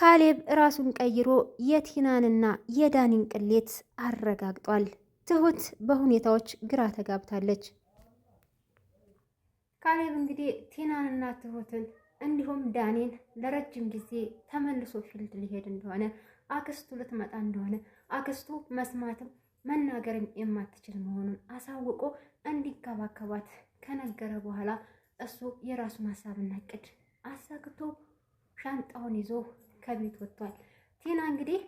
ካሌብ ራሱን ቀይሮ የቲናንና የዳኒን ቅሌት አረጋግጧል። ትሁት በሁኔታዎች ግራ ተጋብታለች። ካሌብ እንግዲህ ቲናንና ትሁትን እንዲሁም ዳኔን ለረጅም ጊዜ ተመልሶ ፊልድ ሊሄድ እንደሆነ አክስቱ ልትመጣ እንደሆነ አክስቱ መስማትም መናገርም የማትችል መሆኑን አሳውቆ እንዲንከባከባት ከነገረ በኋላ እሱ የራሱን ሀሳብና እቅድ አሳክቶ ሻንጣውን ይዞ ከቤት ወጥቷል። ቲና እንግዲህ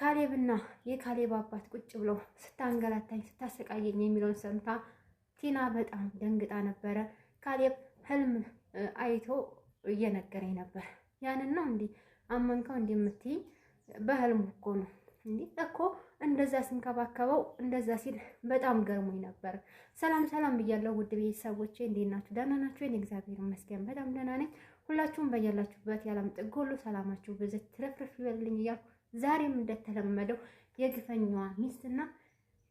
ካሌብና የካሌብ አባት ቁጭ ብለው ስታንገላታኝ ስታሰቃየኝ የሚለውን ሰምታ ቲና በጣም ደንግጣ ነበረ። ካሌብ ህልም አይቶ እየነገረኝ ነበር። ያንን ነው እንዲህ አመንከው እንዲህ በህልም በህልሙ እኮ ነው እንዲህ እኮ እንደዛ ስንከባከበው እንደዛ ሲል በጣም ገርሞኝ ነበር። ሰላም ሰላም ብያለሁ ውድ ቤተሰቦቼ፣ እንዴት ናችሁ? ደህና ናችሁ? እኔ እግዚአብሔር ይመስገን በጣም ደህና ነኝ። ሁላችሁም በያላችሁበት የዓለም ጥግ ሁሉ ሰላማችሁ ብዝት ትረፍረፍ ይበልልኝ እያልኩ ዛሬም እንደተለመደው የግፈኛዋ ሚስትና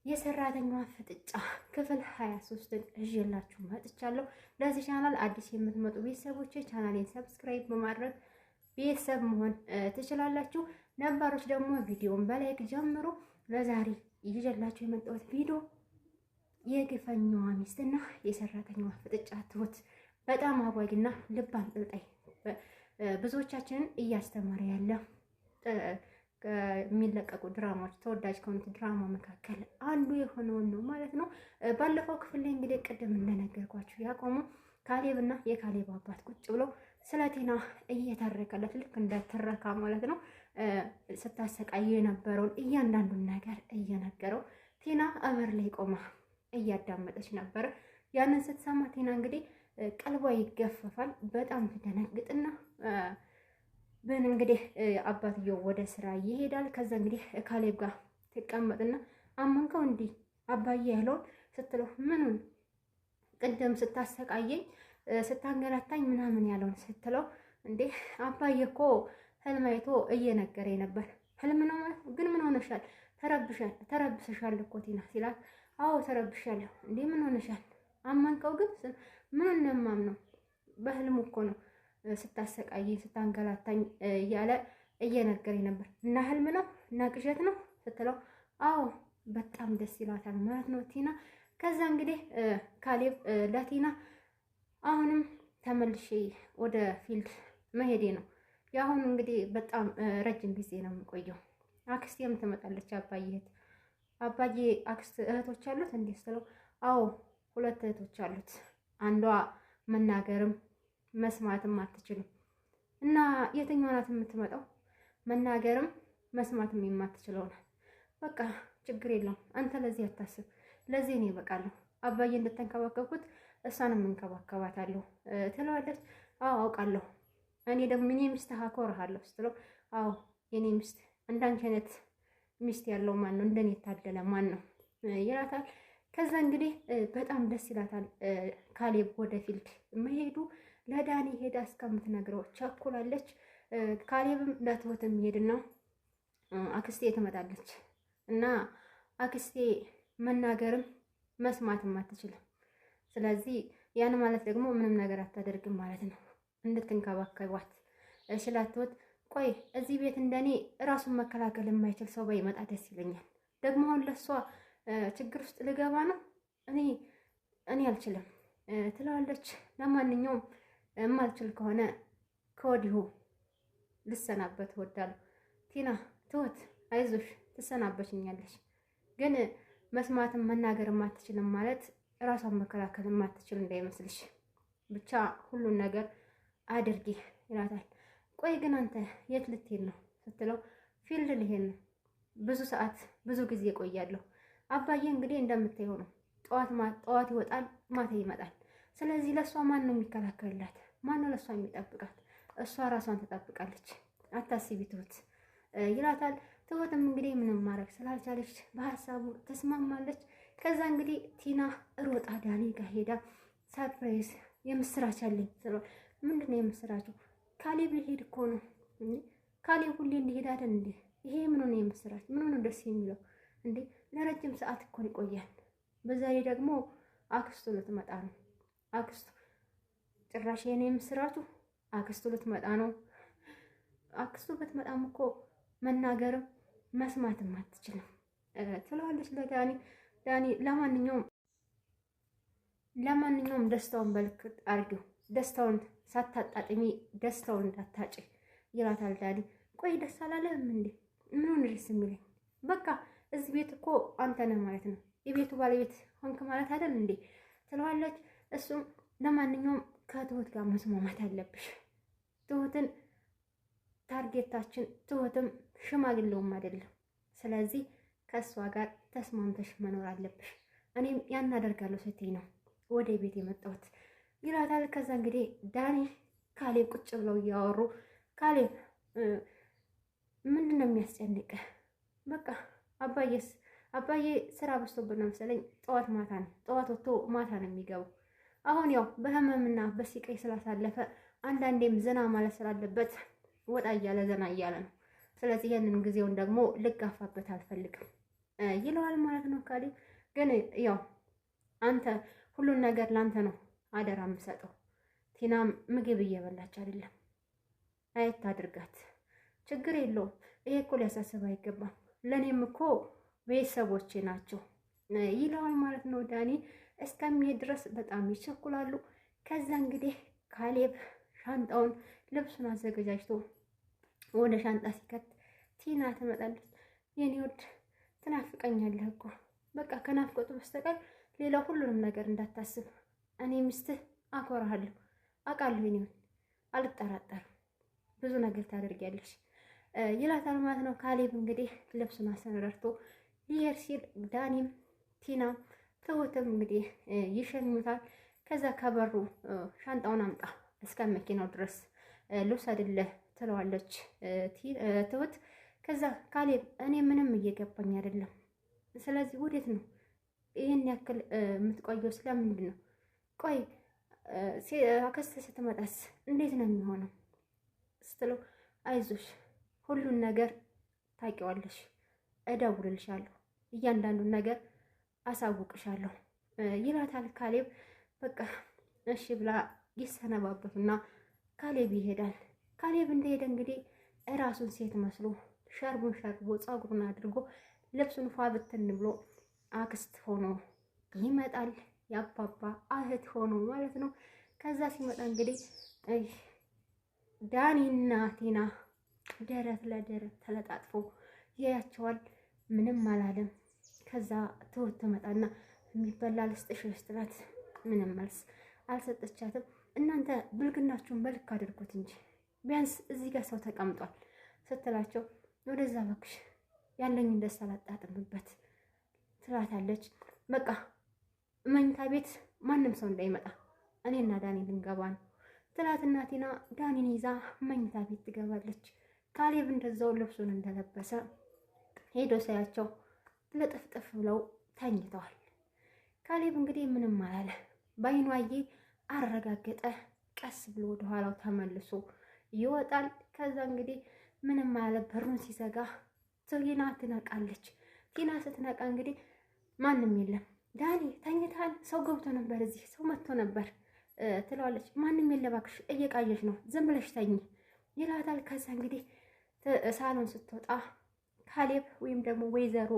የሰራተኛዋ ፍጥጫ ክፍል 23ን እዤላችሁ መጥቻለሁ። ለዚህ ቻናል አዲስ የምትመጡ ቤተሰቦች ቻናሌን ሰብስክራይብ በማድረግ ቤተሰብ መሆን ትችላላችሁ። ነባሮች ደግሞ ቪዲዮን በላይክ ጀምሩ። ለዛሬ ይዤላችሁ የመጣሁት ቪዲዮ የግፈኛዋ ሚስትና የሰራተኛዋ ፍጥጫ ትሁት በጣም አጓጊና ልብ አንጠልጣይ ብዙዎቻችንን እያስተማረ ያለ የሚለቀቁ ድራማዎች ተወዳጅ ከሆኑት ድራማ መካከል አንዱ የሆነውን ነው ማለት ነው። ባለፈው ክፍል ላይ እንግዲህ ቅድም እንደነገርኳችሁ ያቆሙ ካሌብና የካሌብ አባት ቁጭ ብለው ስለ ቴና እየተረከለት ልክ እንደተረካ ማለት ነው ስታሰቃየ የነበረውን እያንዳንዱን ነገር እየነገረው ቴና እበር ላይ ቆማ እያዳመጠች ነበር። ያንን ስትሰማ ቴና እንግዲህ ቀልቧ ይገፈፋል። በጣም ትደነግጥና ብን እንግዲህ አባትየው ወደ ስራ ይሄዳል። ከዛ እንግዲህ ካሌብ ጋር ትቀመጥና አመንከው እንዲህ አባዬ ያለውን ስትለው ምኑን ቅደም ስታሰቃየኝ ስታንገላታኝ ምናምን ያለውን ስትለው እንዴ አባዬ እኮ ህልም አይቶ እየነገረኝ ነበር። ህልም ነው ግን ምን ሆነሻል? ተረብሻል ተረብሰሻል እኮ ቲና ሲላት አዎ ተረብሻለሁ። እንዴ ምን ሆነሻል? አመንከው ግን ምን ነማም ነው በህልሙ እኮ ነው ስታሰቃይ ስታንገላታኝ እያለ እየነገረኝ ነበር። እና ህልም ነው እና ቅዠት ነው ስትለው አዎ በጣም ደስ ይላታል ማለት ነው ቲና። ከዛ እንግዲህ ካሌብ ለቲና አሁንም ተመልሼ ወደ ፊልድ መሄዴ ነው። የአሁኑ እንግዲህ በጣም ረጅም ጊዜ ነው የምቆየው። አክስቴም ትመጣለች። አባዬ እህት አባዬ አክስት እህቶች አሉት እንዲህ አዎ ሁለት እህቶች አሉት አንዷ መናገርም መስማትም አትችልም እና የትኛዋ ናት የምትመጣው? መናገርም መስማትም የማትችለው ናት። በቃ ችግር የለውም አንተ ለዚህ አታስብ፣ ለዚህ እኔ እበቃለሁ። አባዬ እንደተንከባከብኩት እሷንም እንከባከባታለሁ ትለዋለች። አዎ አውቃለሁ፣ እኔ ደግሞ እኔ ሚስትህ አኮርሃለሁ ስትለው፣ አዎ የኔ ሚስት እንዳንቺ አይነት ሚስት ያለው ማን ነው? እንደኔ የታደለ ማን ነው ይላታል። ከዛ እንግዲህ በጣም ደስ ይላታል። ካሌብ ወደ ፊልድ መሄዱ ለዳኒ ሄዳ እስከምትነግረው ቸኩላለች። ካሌብም ለትሁት ነው። አክስቴ ትመጣለች እና አክስቴ መናገርም መስማትም አትችልም። ስለዚህ ያን ማለት ደግሞ ምንም ነገር አታደርግም ማለት ነው። እንድትንከባከቧት ስላትወት ቆይ እዚህ ቤት እንደኔ ራሱን መከላከል የማይችል ሰው ባይመጣ ደስ ይለኛል። ደግሞ አሁን ለእሷ ችግር ውስጥ ልገባ ነው እኔ እኔ አልችልም ትለዋለች። ለማንኛውም የማልችል ከሆነ ከወዲሁ ልሰናበት እወዳለሁ። ቲና ትወት አይዞሽ፣ ትሰናበችኛለች። ግን መስማትም መናገር አትችልም ማለት ራሷን መከላከል አትችል እንዳይመስልሽ፣ ብቻ ሁሉን ነገር አድርጊ ይላታል። ቆይ ግን አንተ የት ልትሄድ ነው ስትለው፣ ፊልድ ልሄድ ነው። ብዙ ሰዓት ብዙ ጊዜ ቆያለሁ አባዬ እንግዲህ እንደምታየው ነው። ጠዋት ጠዋት ይወጣል፣ ማታ ይመጣል። ስለዚህ ለእሷ ማን ነው የሚከላከልላት? ማን ነው ለእሷ የሚጠብቃት? እሷ ራሷን ትጠብቃለች፣ አታስቢ ትሁት ይላታል። ትሁትም እንግዲህ ምንም ማድረግ ስላልቻለች በሀሳቡ ተስማማለች። ከዛ እንግዲህ ቲና ሮጣ ዳኒ ጋር ሄዳ ሰርፕራይዝ የምስራች አለኝ ስለ ምንድን ነው የምስራችሁ? ካሌብ ሊሄድ እኮ ነው። ካሌብ ሁሌ እንዲሄድ አይደል እንዴ? ይሄ ምን ነው የምስራች? ምን ነው ደስ የሚለው እንዴ ለረጅም ሰዓት እኮ ይቆያል። በዛ ላይ ደግሞ አክስቱ ልትመጣ ነው። አክስቱ ጭራሽ የኔ ምስራቱ አክስቱ ልትመጣ ነው። አክስቱ ብትመጣም እኮ መናገርም መስማትም አትችልም ትለዋለች ለዳኒ። ዳኒ ለማንኛውም ለማንኛውም ደስታውን በልክ አድርጊው፣ ደስታውን ሳታጣጥሚ ደስታውን እንዳታጭ ይላታል ዳኒ። ቆይ ደስ አላለህም እንዴ? ምን ሆነ ደስ የሚለኝ በቃ እዚህ ቤት እኮ አንተ ነህ ማለት ነው፣ የቤቱ ባለቤት ሆንክ ማለት አይደል እንዴ ትለዋለች። እሱም ለማንኛውም ከትሁት ጋር መስማማት አለብሽ። ትሁትን ታርጌታችን፣ ትሁትም ሽማግሌውም አይደለም። ስለዚህ ከእሷ ጋር ተስማምተሽ መኖር አለብሽ። እኔም ያን አደርጋለሁ ስትይ ነው ወደ ቤት የመጣሁት ይላታል። ከዛ እንግዲህ ዳኒ ካሌ ቁጭ ብለው እያወሩ ካሌ ምንድን ነው የሚያስጨንቅህ በቃ አባዬስ አባዬ ስራ በዝቶብን ነው መሰለኝ ጠዋት ማታ ነው ጠዋት ወጥቶ ማታ ነው የሚገቡ አሁን ያው በህመምና በስቃይ ስላሳለፈ አንዳንዴም ዘና ማለት ስላለበት ወጣ እያለ ዘና እያለ ነው። ስለዚህ ይህንን ጊዜውን ደግሞ ልጋፋበት አልፈልግም ይለዋል ማለት ነው። ካሌ ግን ያው አንተ ሁሉን ነገር ለአንተ ነው አደራ የምሰጠው። ቲናም ምግብ እየበላች አይደለም፣ አየት አድርጋት። ችግር የለውም። ይሄ እኮ ሊያሳስብ አይገባም። ለእኔም እኮ ቤተሰቦቼ ናቸው ይለዋል ማለት ነው። ዳኒ እስከሚሄድ ድረስ በጣም ይቸኩላሉ። ከዛ እንግዲህ ካሌብ ሻንጣውን ልብሱን አዘገጃጅቶ ወደ ሻንጣ ሲከት ቲና ትመጣለች። የኔ ውድ ትናፍቀኛለህ እኮ በቃ ከናፍቆቱ በስተቀር ሌላ ሁሉንም ነገር እንዳታስብ፣ እኔ ሚስትህ አኮራሃለሁ፣ አውቃለሁ፣ አልጠራጠርም። ብዙ ነገር ታደርጊያለሽ ይላታል ማለት ነው። ካሌብ እንግዲህ ልብሱን አሰነረርቶ ይሄድ ሲል ዳኒም ቲና ትሁትም እንግዲህ ይሸኙታል። ከዛ ከበሩ ሻንጣውን አምጣ እስከ መኪናው ድረስ ልብስ አይደለ ትለዋለች ትሁት። ከዛ ካሌብ እኔ ምንም እየገባኝ አይደለም፣ ስለዚህ ወዴት ነው ይህን ያክል የምትቆየው? ስለምንድን ነው? ቆይ አከስተ ስትመጣስ እንዴት ነው የሚሆነው ስትለው አይዞሽ ሁሉን ነገር ታውቂዋለሽ። እደውልልሻለሁ፣ እያንዳንዱን ነገር አሳውቅሻለሁ ይላታል ካሌብ። በቃ እሺ ብላ ይሰነባበቱና ካሌብ ይሄዳል። ካሌብ እንደሄደ እንግዲህ እራሱን ሴት መስሎ ሸርቡን ሸርቦ ፀጉሩን አድርጎ ልብሱን ፏ ብትን ብሎ አክስት ሆኖ ይመጣል። ያባባ እህት ሆኖ ማለት ነው። ከዛ ሲመጣ እንግዲህ ዳኒና ቲና ደረት ለደረት ተለጣጥፎ ያያቸዋል። ምንም አላለም። ከዛ ትሁት ትመጣና የሚበላ ልስጥሽ ስትላት ምንም መልስ አልሰጠቻትም። እናንተ ብልግናችሁን በልክ አድርጉት እንጂ ቢያንስ እዚህ ጋር ሰው ተቀምጧል ስትላቸው ወደዛ በኩሽ ያለኝን ደስታ ትላት ትላታለች። በቃ መኝታ ቤት ማንም ሰው እንዳይመጣ እኔና ዳኒ ልንገባ ነው ትላትና ቲና ዳኒን ይዛ መኝታ ቤት ትገባለች። ካሌብ እንደዛው ልብሱን እንደለበሰ ሄዶ ሳያቸው ለጥፍጥፍ ብለው ተኝተዋል። ካሌብ እንግዲህ ምንም አላለ። በአይኑ አየ፣ አረጋገጠ። ቀስ ብሎ ወደኋላው ተመልሶ ይወጣል። ከዛ እንግዲህ ምንም አለ። በሩን ሲዘጋ ቲና ትነቃለች። ቲና ስትነቃ እንግዲህ ማንም የለም። ዳኒ ተኝታል፣ ሰው ገብቶ ነበር፣ እዚህ ሰው መጥቶ ነበር ትለዋለች። ማንም የለ እባክሽ፣ እየቃየሽ ነው፣ ዝም ብለሽ ተኝ ይላታል። ከዛ እንግዲህ ሳሎን ስትወጣ ካሌብ ወይም ደግሞ ወይዘሮ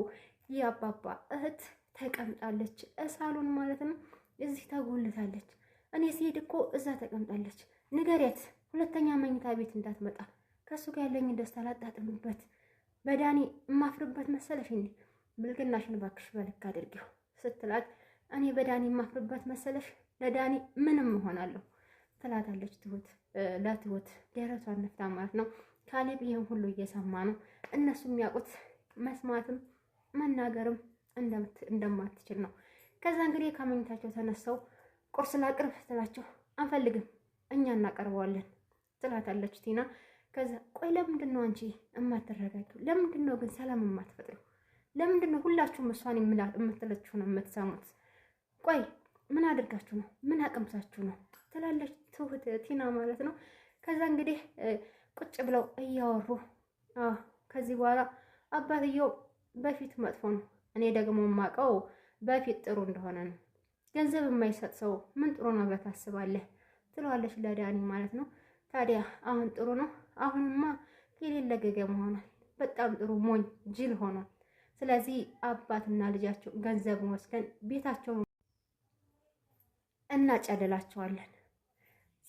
የአባባ እህት ተቀምጣለች። እሳሎን ማለት ነው። እዚህ ተጎልታለች። እኔ ሲሄድ እኮ እዛ ተቀምጣለች። ንገሪያት ሁለተኛ መኝታ ቤት እንዳትመጣ። ከእሱ ጋር ያለኝን ደስታ ላጣጥምበት በዳኒ የማፍርበት መሰለሽ? እኔ ብልግናሽን እባክሽ በልክ አድርጊው ስትላት እኔ በዳኒ የማፍርበት መሰለሽ? ለዳኒ ምንም እሆናለሁ ትላታለች። ትሁት ለትሁት ደረቷን ነፍታ ማለት ነው። ታሊብ ይህን ሁሉ እየሰማ ነው። እነሱ የሚያውቁት መስማትም መናገርም እንደማትችል ነው። ከዛ እንግዲህ ከመኝታቸው ተነስተው ቁርስ ላቅርብ ስትላቸው አንፈልግም እኛ እናቀርበዋለን ትላታለች ቲና። ከዛ ቆይ ለምንድን ነው አንቺ የማትረጋጊው? ለምንድን ነው ግን ሰላም የማትፈጥሩ ለምንድን ነው ሁላችሁም እሷን የምትለችሁ ነው የምትሰሙት? ቆይ ምን አድርጋችሁ ነው? ምን አቅምሳችሁ ነው? ትላለች ትሁት ቲና ማለት ነው። ከዛ እንግዲህ ቁጭ ብለው እያወሩ ከዚህ በኋላ አባትየው በፊት መጥፎ ነው፣ እኔ ደግሞ የማውቀው በፊት ጥሩ እንደሆነ ነው። ገንዘብ የማይሰጥ ሰው ምን ጥሩ ነው ብለህ ታስባለህ? ትለዋለች ለዳኒ ማለት ነው። ታዲያ አሁን ጥሩ ነው? አሁንማ የሌለ ገገም ሆኗል። በጣም ጥሩ ሞኝ ጅል ሆኗል። ስለዚህ አባትና ልጃቸው ገንዘብ ወስደን ቤታቸውን እናጨልላቸዋለን።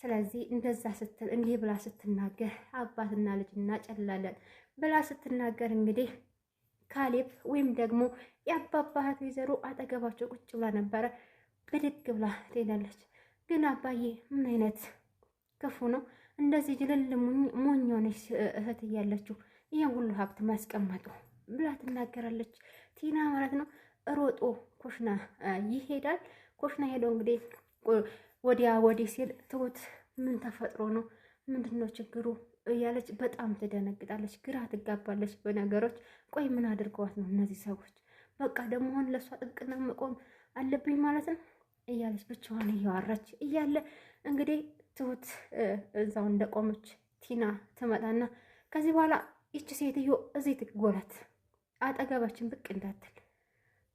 ስለዚህ እንደዛ ስትል እንዲህ ብላ ስትናገር አባትና ልጅ እናጨላለን ብላ ስትናገር እንግዲህ ካሌብ ወይም ደግሞ የአባባህት ወይዘሮ አጠገባቸው ቁጭ ብላ ነበረ። ብድግ ብላ ትሄዳለች። ግን አባዬ ምን አይነት ክፉ ነው እንደዚህ ጅልል ሞኝ ሆነች እህት እያለችው ይህን ሁሉ ሀብት ማስቀመጡ ብላ ትናገራለች። ቲና ማለት ነው ሮጦ ኮሽና ይሄዳል። ኮሽና ሄደው እንግዲህ ወዲያ ወዲህ ሲል ትሁት ምን ተፈጥሮ ነው ምንድን ነው ችግሩ እያለች በጣም ትደነግጣለች፣ ግራ ትጋባለች በነገሮች። ቆይ ምን አድርገዋት ነው እነዚህ ሰዎች? በቃ ደግሞ ሆን ለእሷ ጥብቅና መቆም አለብኝ ማለት ነው እያለች ብቻዋን እያወራች እያለ እንግዲህ ትሁት እዛው እንደቆመች ቲና ትመጣና ከዚህ በኋላ ይቺ ሴትዮ እዚህ ትጎላት አጠገባችን ብቅ እንዳትል።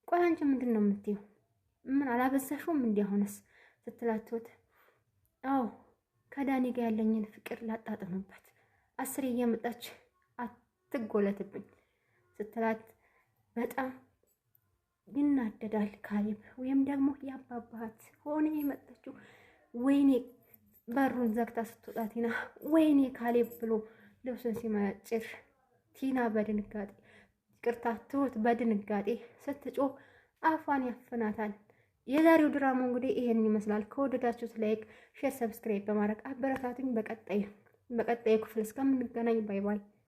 ቆይ አንቺ ምንድን ነው የምትይው? ምን አላበዛሽውም? እንዲያሆነስ ስትላትት አዎ ከዳኒ ጋር ያለኝን ፍቅር ላጣጥምበት አስሬ እየመጣች አትጎለትብኝ ስትላት በጣም ይናደዳል ካሌብ። ወይም ደግሞ ያባባሃት ሆነ የመጣችው ወይኔ በሩን ዘግታ ስትወጣ ቲና ወይኔ ካሌብ ብሎ ልብሱን ሲመጭር ቲና በድንጋጤ ቅርታ ትሁት በድንጋጤ ስትጮ አፏን ያፍናታል። የዛሬው ድራማ እንግዲህ ይሄንን ይመስላል። ከወደዳችሁት ላይክ፣ ሼር፣ ሰብስክራይብ በማድረግ አበረታቱኝ። በቀጣይ በቀጣይ ክፍል እስከምንገናኝ ባይ ባይ።